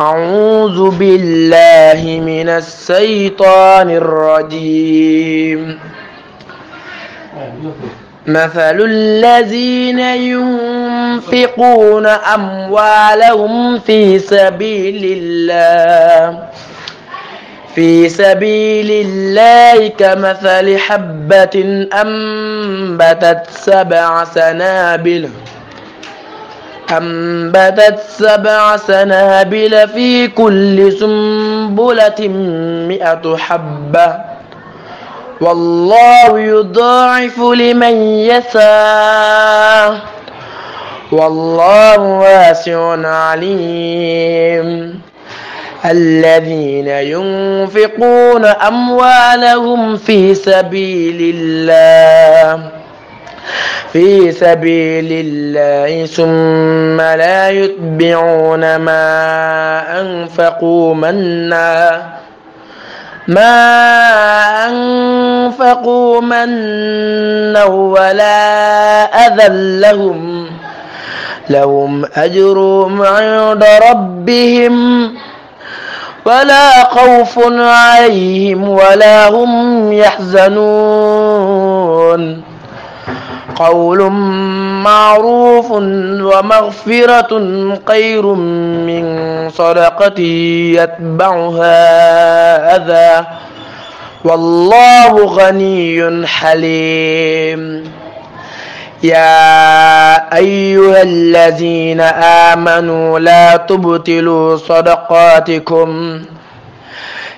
أعوذ بالله من الشيطان الرجيم مثل الذين ينفقون أموالهم في سبيل الله في سبيل الله كمثل حبة أنبتت سبع سنابل أنبتت سبع سنابل في كل سنبلة مئة حبة والله يضاعف لمن يشاء والله واسع عليم الذين ينفقون أموالهم في سبيل الله في سبيل الله ثم لا يتبعون ما أنفقوا منا ما أنفقوا منا ولا أذى لهم لهم أجرهم عند ربهم ولا خوف عليهم ولا هم يحزنون قول معروف ومغفرة خير من صدقة يتبعها أذى والله غني حليم يا أيها الذين آمنوا لا تبطلوا صدقاتكم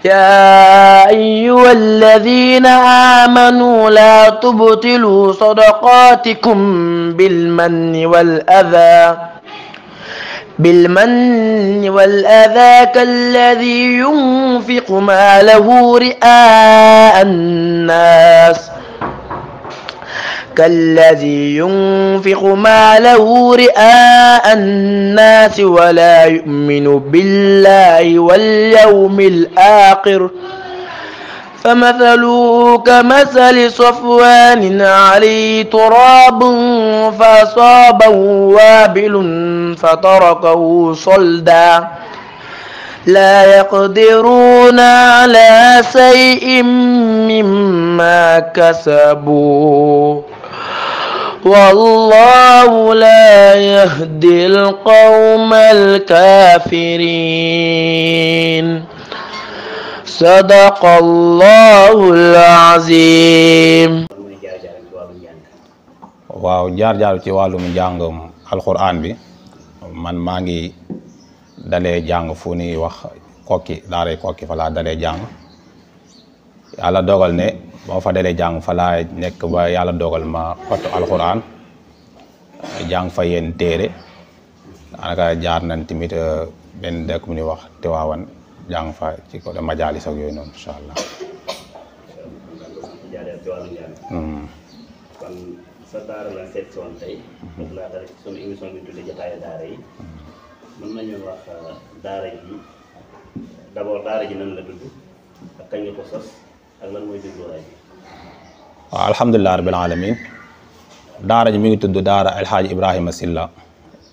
يا أيها الذين آمنوا لا تبطلوا صدقاتكم بالمن والأذى بالمن والأذى كالذي ينفق ماله رئاء الناس كالذي ينفق ماله رئاء الناس ولا يؤمن بالله واليوم الآخر فمثلوا كمثل صفوان علي تراب فأصابه وابل فتركه صلدا لا يقدرون على شيء مما كسبوا والله لا يهدي القوم الكافرين صدق الله العظيم waaw jaar jaar ci wàllum njàngum alquran bi man maa ngi dalee jàng fu ni wax koki, daaray kokki fa laa dogal ne boo fa dalee jàng fa laa nekk ba yàlla dogal ma xottu alxuraan jàng fa yéen téere daanaka jaar nañ tamit euh, ben dëkk bu ñuy wax Tiwaawan jàng fa ci côté Majaalis ak yooyu sa hmm. hmm. daara la seet si woon daara yi. mën daara ji nan la tudd ak lan mooy dégluwaay alamin daara ji mi ngi tudd daara El Hadj Ibrahima Silla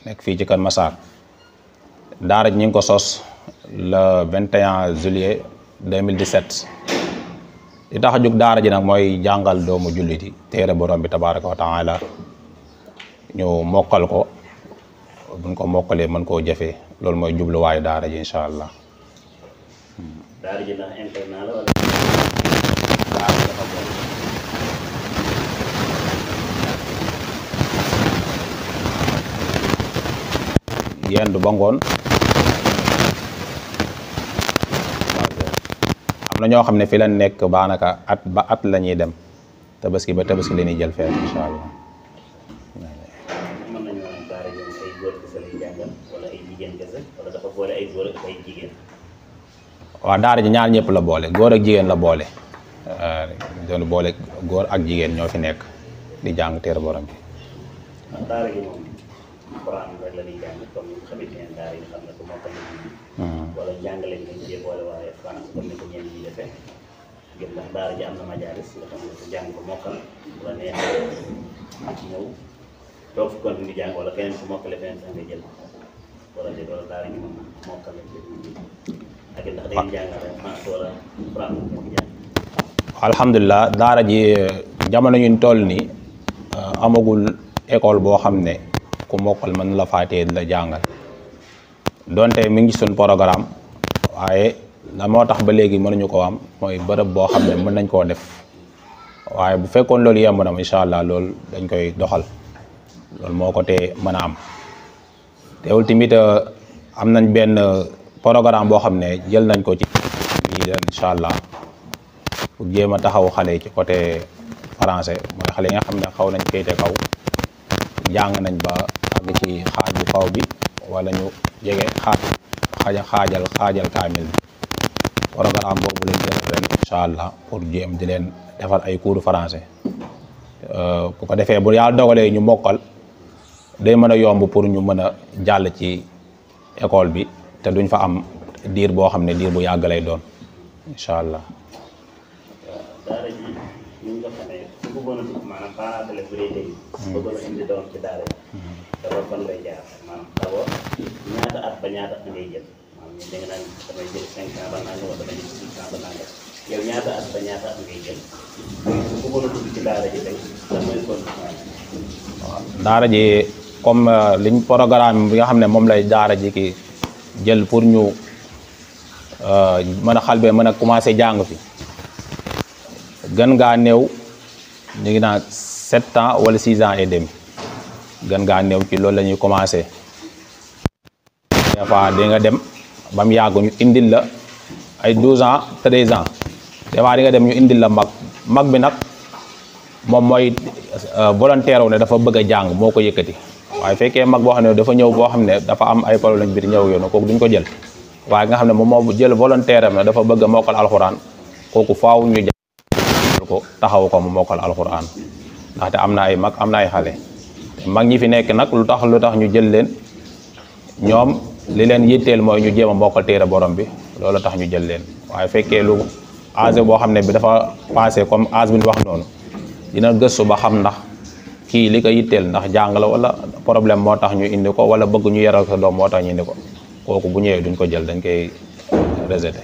nekk fii ci Kër Massar daara ji ñu ngi ko sos le 21 juillet 2017 li tax a jóg daara ji nag mooy jàngal doomu jullit yi téere borom bi tabaaraka wa taala ñu mokkal ko buñ ko mokkalee mën koo jëfee loolu mooy jubluwaayu daara ji incha allah. Dari interne internal, la wala. waaw dafa boole. fi la nekk baanaka at ba at la dem tabaski ba tabaski la jël feet allah. mën nañoo daara ay góor kese lay jàngal wala ay wala dafa boole ay ak ay waaw daara ji ñaar boleh, la boole góor ak jigéen la boole doon boole góor ak jigéen ñoo fi nekk di jàng téere borom bi daara ji moom quran rek la ñuy jàng comme ni nga xamante daara yi xam ne ko mokkal hmm. wala jàngale ñu ci boole waaye français comme ni ko ñeen ngir ndax daara ji am na ko ko di jàng wala keneen ku mokkale feneen sax nga jël wala di daara ji alhamdulilah daara ji jamono ñu toll ni eh, amagul école boo xam ne ku mokkal mën la faatee di la jàngal donte mi ngi suñ programme waaye la moo tax ba léegi mën nañu ko am mooy bërëb boo xam ne mën nañ koo def waaye bu fekkoon loolu yemb na incha allah lool dañ koy doxal loolu moo ko tee mën a am teewul tamit eh, am nañ benn programme boo xam ne jël nañ ko ci ñii daan incha allah pour jéem a taxaw xale ci côté français mooy xale yi nga xam ne xaw nañ féete kaw jàng nañ ba àgg ci xaaj bu kaw bi wala ñu jege xaajal xaajal kaamil bi programme boobu lañ jël ren incha allah pour jéem di leen defal ay cours français euh, bu ko defee bu yaa dogalee ñu mokkal day mën a yomb pour ñu mën a jàll ci école bi te duñ fa am diir boo xam ne diir bu yàgg lay doon incha allah. Hmm. daara ji ni euh, liñ programme nga xam ne moom lay daara ji jël pour ñu euh, mën a xalbee mën a commencé jàng fi gën ngaa néew ñu ngi naan sept ans wala six ans et demi gën ngaa néew ci loolu lañuy ñuy commencé des fois di nga dem ba mu ñu indil la ay douze ans treize ans des fois di nga dem ñu indil la mag mag bi nag moom mooy euh, volontaire wu ne dafa bëgg a jàng moo ko yëkkati waaye fekkee mag boo xam ne dafa ñëw boo xam ne dafa am ay problème biir ñëw yoonu kooku duñ ko jël waaye nga xam ne moom moo jël volontaire am na dafa bëgg a mokkal alxuraan kooku faaw ñu jàppal ko taxaw ko mu mokkal alxuraan ndaxte am na ay mag am na ay xale te mag ñi fi nekk nag lu tax lu tax ñu jël leen ñoom li yitteel mooy ñu jéem a mokkal téere borom bi loolu tax ñu jël leen waaye fekkee lu âge boo xam ne bi dafa passé comme âge bi ñu wax noonu dina gëstu ba xam ndax kii li ko yitteel ndax jàng wala problème moo tax ñu indi ko wala bëgg ñu yaral moo tax ñu indi ko kooku bu ñëwee duñ ko jël dañ koy rejeté.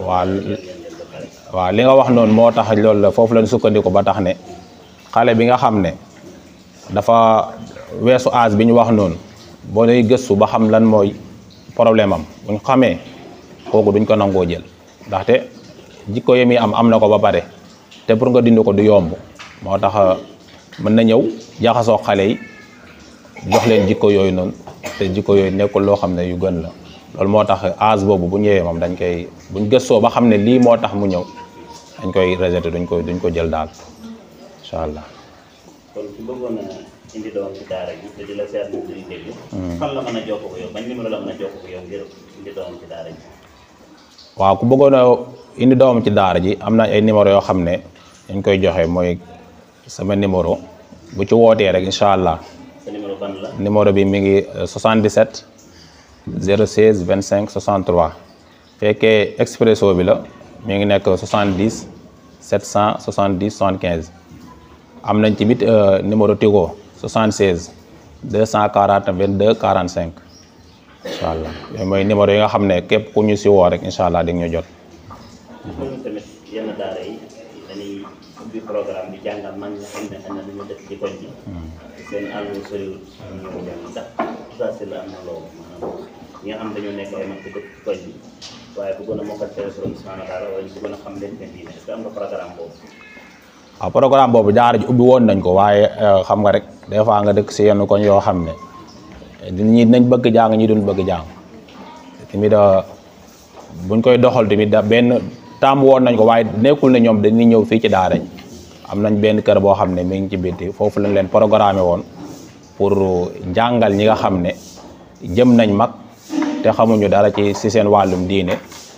waaw waaw li nga wax noonu moo tax loolu la foofu lañ sukkandiku ba tax ne xale bi nga xam ne dafa weesu âge bi ñu wax noonu boo lay gëstu ba xam lan mooy problème am buñ xamee kooku duñ ko nangoo jël ndaxte jikko yi muy am am na ko ba pare te pour nga dindi ko du yomb moo tax euh, mën na ñëw jaxasoo xale yi jox leen jikko yooyu noonu te jikko yooyu nekkul loo xam ne yu gën la loolu moo tax âge boobu bu ñëwee moom dañ koy buñ gëstoo ba xam ne lii moo tax mu ñëw dañ koy rejeté duñ koy duñ ko jël daal incha allah. kon Hmm. waaw ku bëggoon a indi doom ci daara ji am na ay numéro yoo xam ne dañ koy joxe mooy sama numéro bu ci wootee rek incha allah sa numéro ban la numéro bi mi ngi 77 016 25 63 fekkee expresso bila la ngi nekk 70 770 75 am nañ tamit euh, numéro Tigo 76 240 22 45 incha allah yooyu mooy numéro yi nga xam ne képp ku ñu si woo rek incha allah di ñu jot. tamit xam ne hmm. xam ñu nekk waaye bu gën a mokkal seen suñu subhaana taala wala xam leen seen diine est boobu. waaw ah, programme boobu daara ji ubbi woon nañ ko waaye euh, xam nga rek des fois nga dëkk si yenn koñ yoo xam ne ñi nañ bëgg jàng ñi duñ bëgg jàng tamit euh, buñ koy doxal tamit benn taamu woon nañ ko waaye nekkul ne ñoom dañuy ñëw fii ci daara am nañ benn kër boo xam ne mi ngi ci bitti foofu lañ leen programmé woon pour jàngal ñi nga xam ne jëm nañ mag te xamuñu daal ci si seen wàllum diine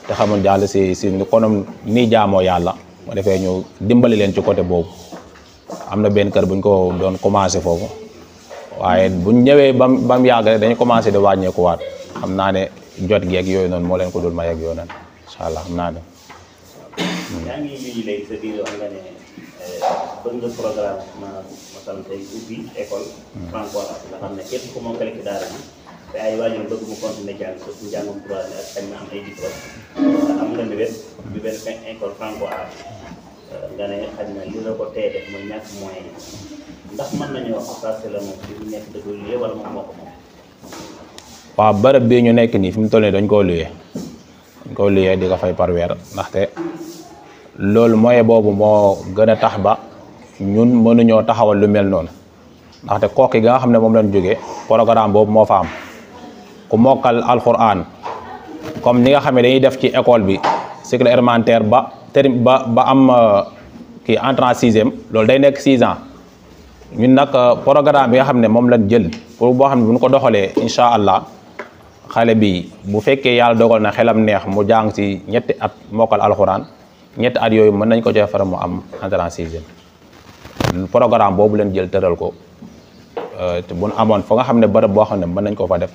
te xamuñ daal si si konom nii jaamoo yàlla ma defee ñu dimbali leen ci côté boobu am na benn kër bu ñu ko doon commencé foofu waaye buñ ñu ñëwee ba mu ba mu yàgg rek dañu commencé di wàññeekuwaat xam naa ne jot geeg yooyu noonu moo leen ko dul may ak yooyu noonu incha allah naa ne. Hmm. ngi eh, programme ma masal tey ubbi hmm. am ay diplôme am nga hmm. nga ne xaj waaw bërëb bii ñu nekk nii fi mu toll nii dañ koo luye dañ koo luyee di ko fay par weer ndaxte loolu moyen boobu moo gën a tax ba ñun mënuñoo taxawal lu mel noonu ndaxte kooki gi nga xam ne moom lañ jógee programme boobu moo fa am ku mokkal alquran kom ni nga xame dañuy def ci école bi cycle élémentaire ba terme ba ba am euh, kii entrant sixième loolu day nekk six ans ñun nag euh, programme bi nga xam ne moom lañ jël pour boo xam ne bu ñu ko doxalee incha allah xale bi bu fekkee yàlla dogal na xelam neex mu jàng si ñetti at mokkal alxuraan ñetti at yooyu mën nañ ko cee faral mu am entrant sixième boobu leen jël tëral ko euh, te bu nu amoon fa nga xam ne bërëb boo xam ne mën nañ ko def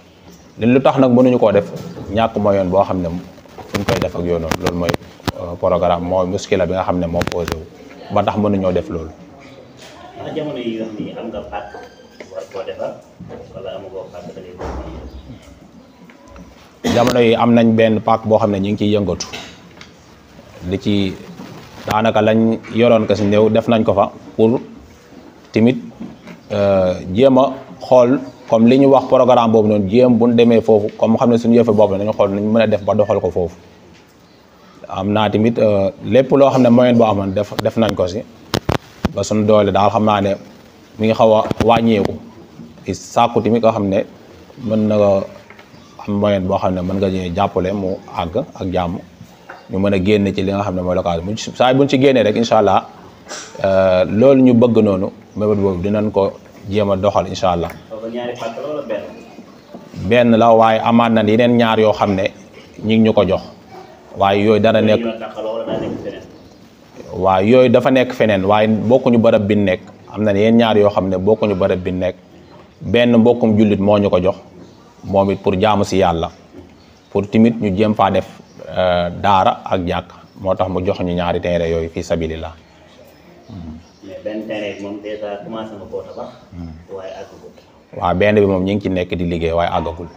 li lu tax nag mënuñu koo def ñàkk mooy yoon boo xam ne fu ñu koy def ak yoon loolu mooy Euh, programme mooy muskila bi nga xam ne moo posé wu ba tax mënuñoo def loolu. ndax yi am nañ benn pàkk boo xam ne ñu ngi ciy yëngatu li ci daanaka lañ yoroon ko si néew def nañ ko fa pour tamit euh, jéem a xool comme li ñu wax programme boobu noonu jéem bu ñu demee foofu kom xam ne suñu yëfe boobu nañu xool nañ mën a def ba doxal ko foofu. am naa tamit euh, lépp loo xam ne moyen boo amoon def def nañ ko si ba suñu doole daal xam naa ne mi ngi xaw a wàññeeku i sàkku tamit koo xam ne mën na am moyen boo xam ne mën nga ñëw jàppale mu àgg ak jàmm ñu mën a génn ci li nga xam ne mooy local bi saa buñ ci génnee rek incha allah euh, loolu ñu bëgg noonu mébét boobu dinañ ko jéem a doxal incha allah. benn la waaye amaat na yeneen ñaar yoo xam ne ñi ngi ñu ko jox. waaye yooyu dana nekk yooyu dafa nekk feneen waaye bokkuñu barab bi nekk am na yenn ñaar yoo xam ne bokkuñu barab bi nekk benn mbokkum jullit moo ñu ko jox moom it pour jaamu si yàlla pour timit ñu jëm faa def euh, daara ak jàkk moo tax mu jox ñu ñaari terrain yooyu fii sabilillah mais benn terrain hmm. benn bi moom ñu ngi ci nekk di liggéey waaye àggagul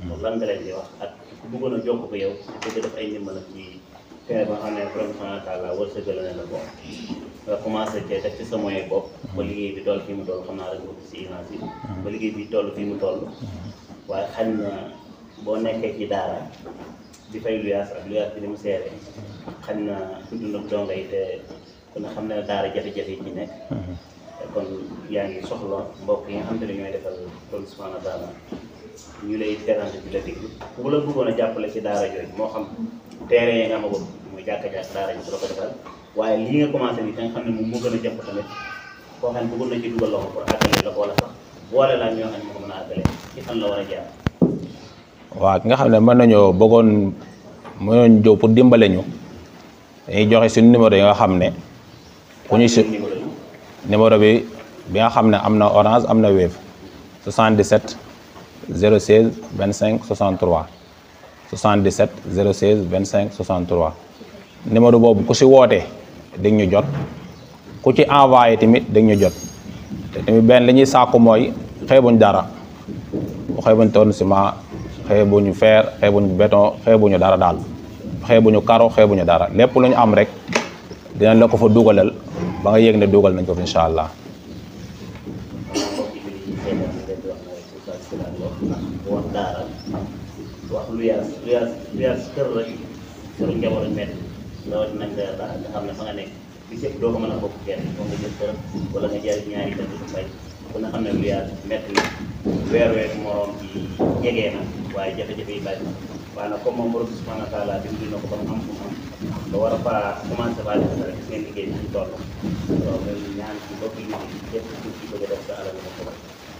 moom lan nga leen wax ak ku bëggoon a jokk ko yow bëgg def ay ndimbal ak ci terrain nga xam ne borom subhaanahu wa ko commencé cee def ci sa moyen bopp ba hmm. liggéey bi toll fii mu toll xam naa rek nga ko si urgence yi ba liggéey bi toll fii mu toll hmm. waaye xañ na boo nekkee ci daara di fay luyaas ak luyaas bi ni mu seere hmm. xañ na dund ak donga yi te kon xam ne daara jafe-jafe yi ci nekk kon yaa ngi soxla mbokk yi nga xam te ne ñooy defal borom subhaanahu wa taala ñu lay déranger a moo nga a bopp muy xam ne moom moo gën bëggoon mën a àggale waaw ki nga xam ne mën nañoo bëggoon mënoon pour dimbale ñu dañuy joxe suñu numéro yi nga xam ne ku ñu si bi bi nga xam ne am na orange am na wave 77 hmm. 016 25 63 77 016 25 63 numéro boobu ku si woote di ñu jot ku ci envoyé tamit di ñu jot te tamit benn li ñuy sàkku mooy xeebuñ dara xeebuñ tonne ciment xeebuñu fer xeebuñu béton xeebuñu dara daal xeebuñu karo xeebuñu dara lépp lu ñu am rek dinañ la ko fa dugalal ba nga yéeg ne dugal nañ ko fi incha allah daara wax lu yàlla lu yàlla kër rek këru njaboot ak métti loolu nag daal nga xam fa nga nekk ci ëpp doo ko mën bokk kenn moom nga jël këram wala nga jaay ñaari dëkk du fay ku ne xam lu yàlla métti na weer weer moroom ci jegee na waaye jafe-jafe yi bari waaye nag comme moom borom subhanahu wa taala ko am fu am war a faa commencé rek liggéey ci ñaan ci bokk yi ci bëgg def sa alal ko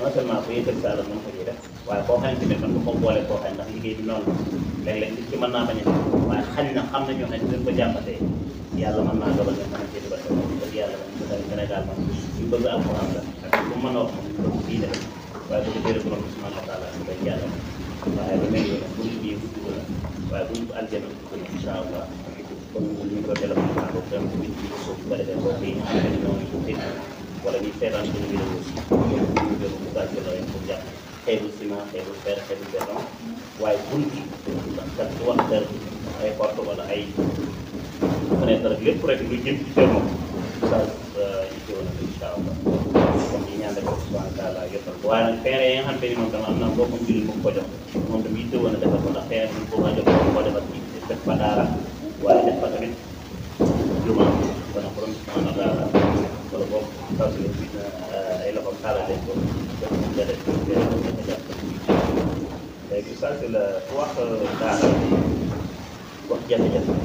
non seulement ko yëkkal sa alal mën ko ci def waaye koo xam ne tamit ko boole koo xam la léeg-léeg ki mën naa bañ a def waaye xañ na xam na ñoo xam ne dañ ko jàppatee yàlla mën naa dogal nga mën ñëpp ci seen oustaz yitte woon na yi nga xam bi boo maa jox ko defal wax daara wax jafe-jafe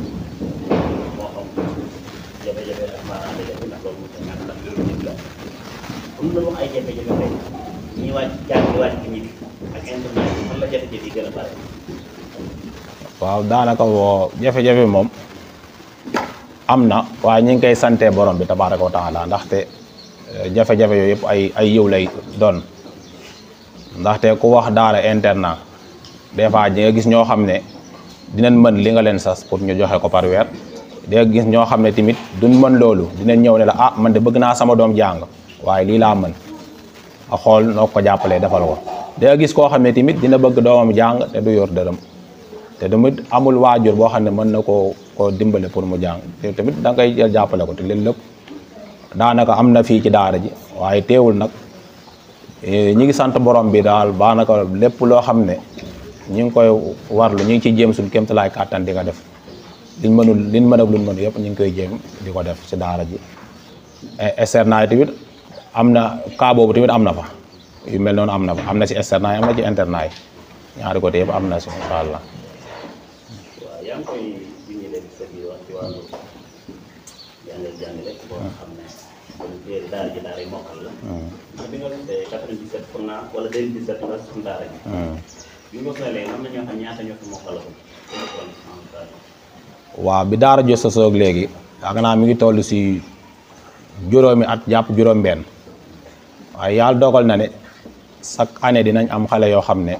waaw daanaka woo jafe-jafe moom am na waaye ñu ngi koy sante borom bi tabaaraka wa taala ndaxte eh, jafe-jafe yooyu yëpp ay ay yiw lay doon ndaxte ku wax daara internat des fois di nga gis ñoo xam ne dinañ mën li nga leen sas pour ñu joxe ko par weer di gis ñoo xam ne tamit duñ mën loolu dinañ ñëw ne la ah man de bëgg naa sama doom jàng waaye lii laa mën a xool noo ko jàppalee dafa ko di nga gis koo xam ne tamit dina bëgg doom jàng te du yor dërëm te tamit amul waajur boo xam ne mën na koo koo dimbale pour mu jang te tamit da ngay jël jàppale ko te leen lépp daanaka am na fii ci daara ji waaye teewul nag e, ñi ngi sant borom bi daal baanaka lépp loo xam ne ñu ngi koy warlu ñu ngi ciy jéem suñu kéemtalaay kàttan di ko def liñ mënul liñ mën ak luñ mënul yëpp ñu ngi koy jéem di ko def ci daara ji externat yi tamit am na cas boobu tamit am na fa yu mel noonu am na fa am na ci externat yi am ci internat yi ñaari côté yëpp am na koy ah. ah. ah. bi daara ji. waaw bi daara jo sosoog léegi yaakaar naa mi ngi tollu si juróomi at jàpp juróom-benn waaye yàlla dogal na ne chaque année dinañ am xale yoo xam ne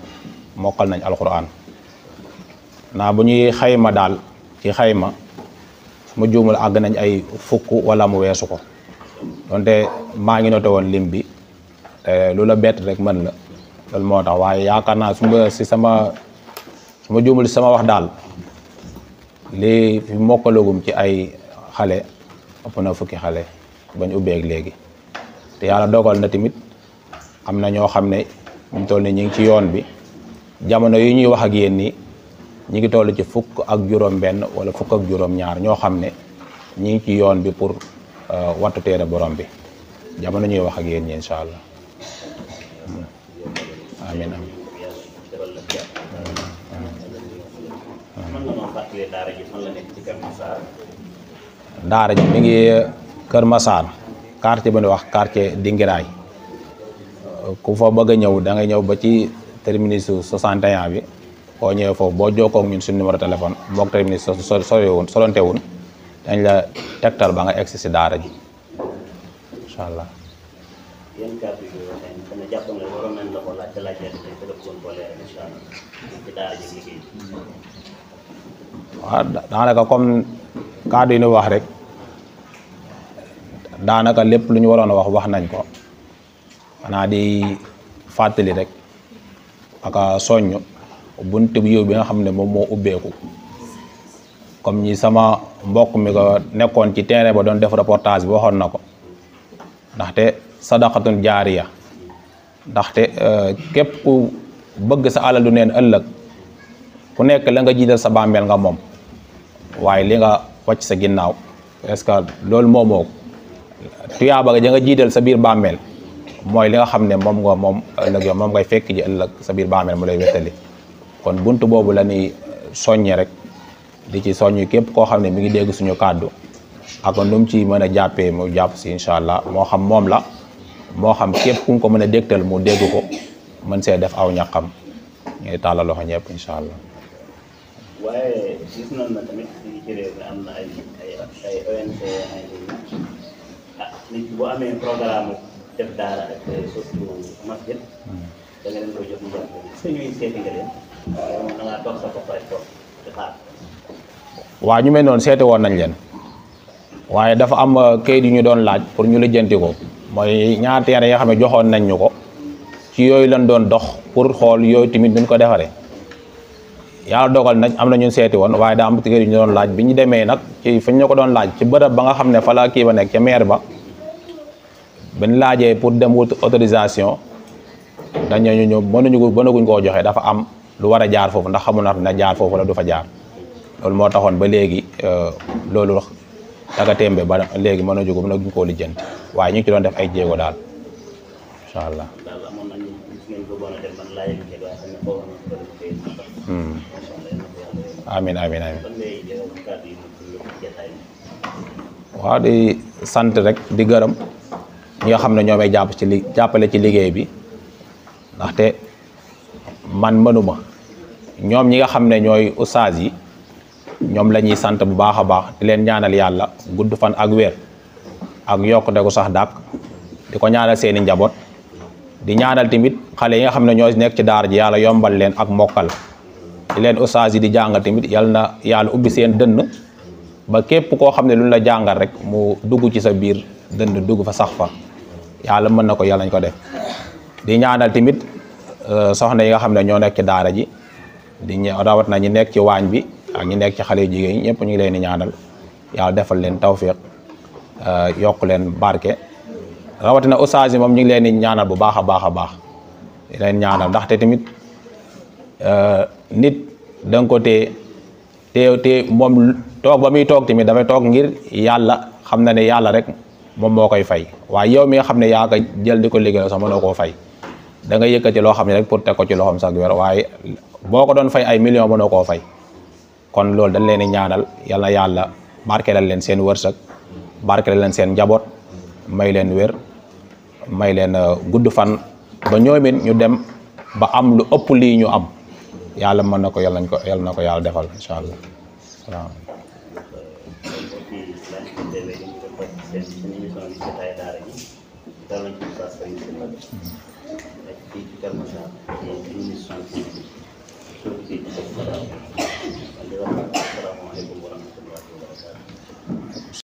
mokkal nañ alxuraan. naa bu ñuy xayma daal ci xayma mu juumul àgg nañ ay fukk wala mu weesu ko donte maa ngi noote woon lim bi eh, lu la bett rek mën la loolu moo tax waaye yaakaar naa suma si sama su ma juumul si sama wax daal li fi mokkalagum ci ay xale ëpp na fukki xale bañ ubbeeg léegi te yàlla dogal na tamit am na ñoo xam ne ñu toll ni ñu ngi ci yoon bi jamono yi ñuy wax ak yéen nii ñi ngi toll ci fukk ak juróom benn wala fukk ak juróom ñaar ñoo xam ne ñi ngi ci yoon bi pour euh, wattu téere borom bi jamono ñuy wax ak yéen ñi insha allah hmm. amin amin daara ji mi ngi euh, Kër Massar quartier bu ñuy wax quartier Dingiraay ku fa bëgg a ñëw da ngay ñëw ba ci terminus 61 bi boo ñëwee foofu boo jokkoo ak ñun suñu numéro téléphone mook tamit ni so soriwul solonte wun dañ la tegtal ba nga egsi si daara ji daara ji daanaka comme kàddu yi ñu wax rek daanaka lépp lu ñu waroon a wax wax nañ ko xanaa di fàttali rek aka soññ bunt bu yiw bi nga xam ne moom moo ubbeeku comme ñi sama mbokk mi ko nekkoon ci terrain ba doon def reportage bi waxoon na ko ndaxte sadaqatun jaariya ndaxte euh, képp ku bëgg sa alal du ëllëg ku nekk la nga jiital sa bàmmeel nga moom waaye li nga wàcc sa ginnaaw est que loolu moomoo ko tuyaaba ga nga jiital sa biir bàmmeel mooy li nga xam ne moom nga moom ëllëg yow moom ngay fekk ji ëllëg sa biir bàmmeel mu lay wettali kon bunt boobu la ni eh, soññe rek di ci soññ képp koo xam ne mi ngi dégg suñu kàddu ak nu mu ci mën a mu jàpp si incha allah xam moom la moo xam képp ku ko mën a mu dégg ko mën see def aw allah. gis nañ na tamit ci réew am na ay ay ay ay ah nit bu amee programme def daara ak masjid da nga leen jox mu jàpp sañuy waa ñu mel noonu seete woon nañ leen waaye dafa am uh, kayit yu ñu doon laaj pour ñu lijjanti mooy ñaar terrain yoo xam ne joxoon nañ ñu ko ci yooyu lañ doon dox pour xool yooyu tamit duñ ko defaree yàlla dogal nañ am na ñun seeti woon waaye daam am kayit ñu doon laaj bi ñu demee nag ci fi ñu ko doon laaj ci bërëb ba nga xam ne fa la kii ba nekk ca maire ba bañ laajee pour dem wut autorisation dañ ñu ñëw mënuñu ko mënaguñ koo joxe dafa am. lu war jaar foofu ndax xamul na jaar foofu wala du fa jaar loolu moo taxoon ba léegi euh, loolu daga tembe ba léegi mën a jóg mën a guñ ñu ci doon def ay jéego hmm. amin amin amin waaw di sant rek di gërëm ñi nga xam ne ñoomay ci li ci bi ndaxte man mënuma ñoom ñi nga xam ne ñooy ustaas yi ñoom la ñuy sant bu baax a baax leen ñaanal yàlla gudd fan ak weer ak de ko sax dàq di ko ñaanal seeni njaboot di ñaanal tamit xale yi nga xam ne ñoo nekk ci daar ji yàlla yombal leen ak mokkal di leen ustaas di jàngal tamit yal na yàlla ubbi seen dënn ba képp koo xam ne luñ la jàngal rek mu dugg ci sa biir dënd dugg fa sax fa yàlla mën na ko yàlla nañ ko def di ñaanal tamit Euh, soxna yi nga xam ne ñoo nekk ci daara ji di rawat na ñi nekk ci waañ bi ak ñi nekk ci xale jigéen ñi ñëpp ñu ngi leen di ñaanal yàlla defal leen tawféex euh, yokk leen barke rawatina ustaas yi moom ñu ngi leen di ñaanal bu baax a baax a baax di leen ñaanal ndaxte tamit euh, nit da nga ko téye téye moom toog ba muy toog tamit dafay toog ngir yàlla xam na ne yàlla rek moom moo koy fay waaye yow mi nga xam ne yaa ko jël di ko liggéeyal sax mënoo koo fay. dangay nga yëkkati loo xam ne rek pour teg ko ci loxoom sax weer waaye boo ko doon fay ay million mënoo koo fay kon loolu dañ leen di ñaanal yal na yàlla barkeelal leen seen wërsëg la leen seen njaboot may leen wér may leen euh, gudd fan ba ñoomit ñu dem ba am lu ëpp lii ñu am yàlla mën na ko yal nañ ko yal na ko yàlla defal incha allah waaw. que más a los crímenes son críticos. Son para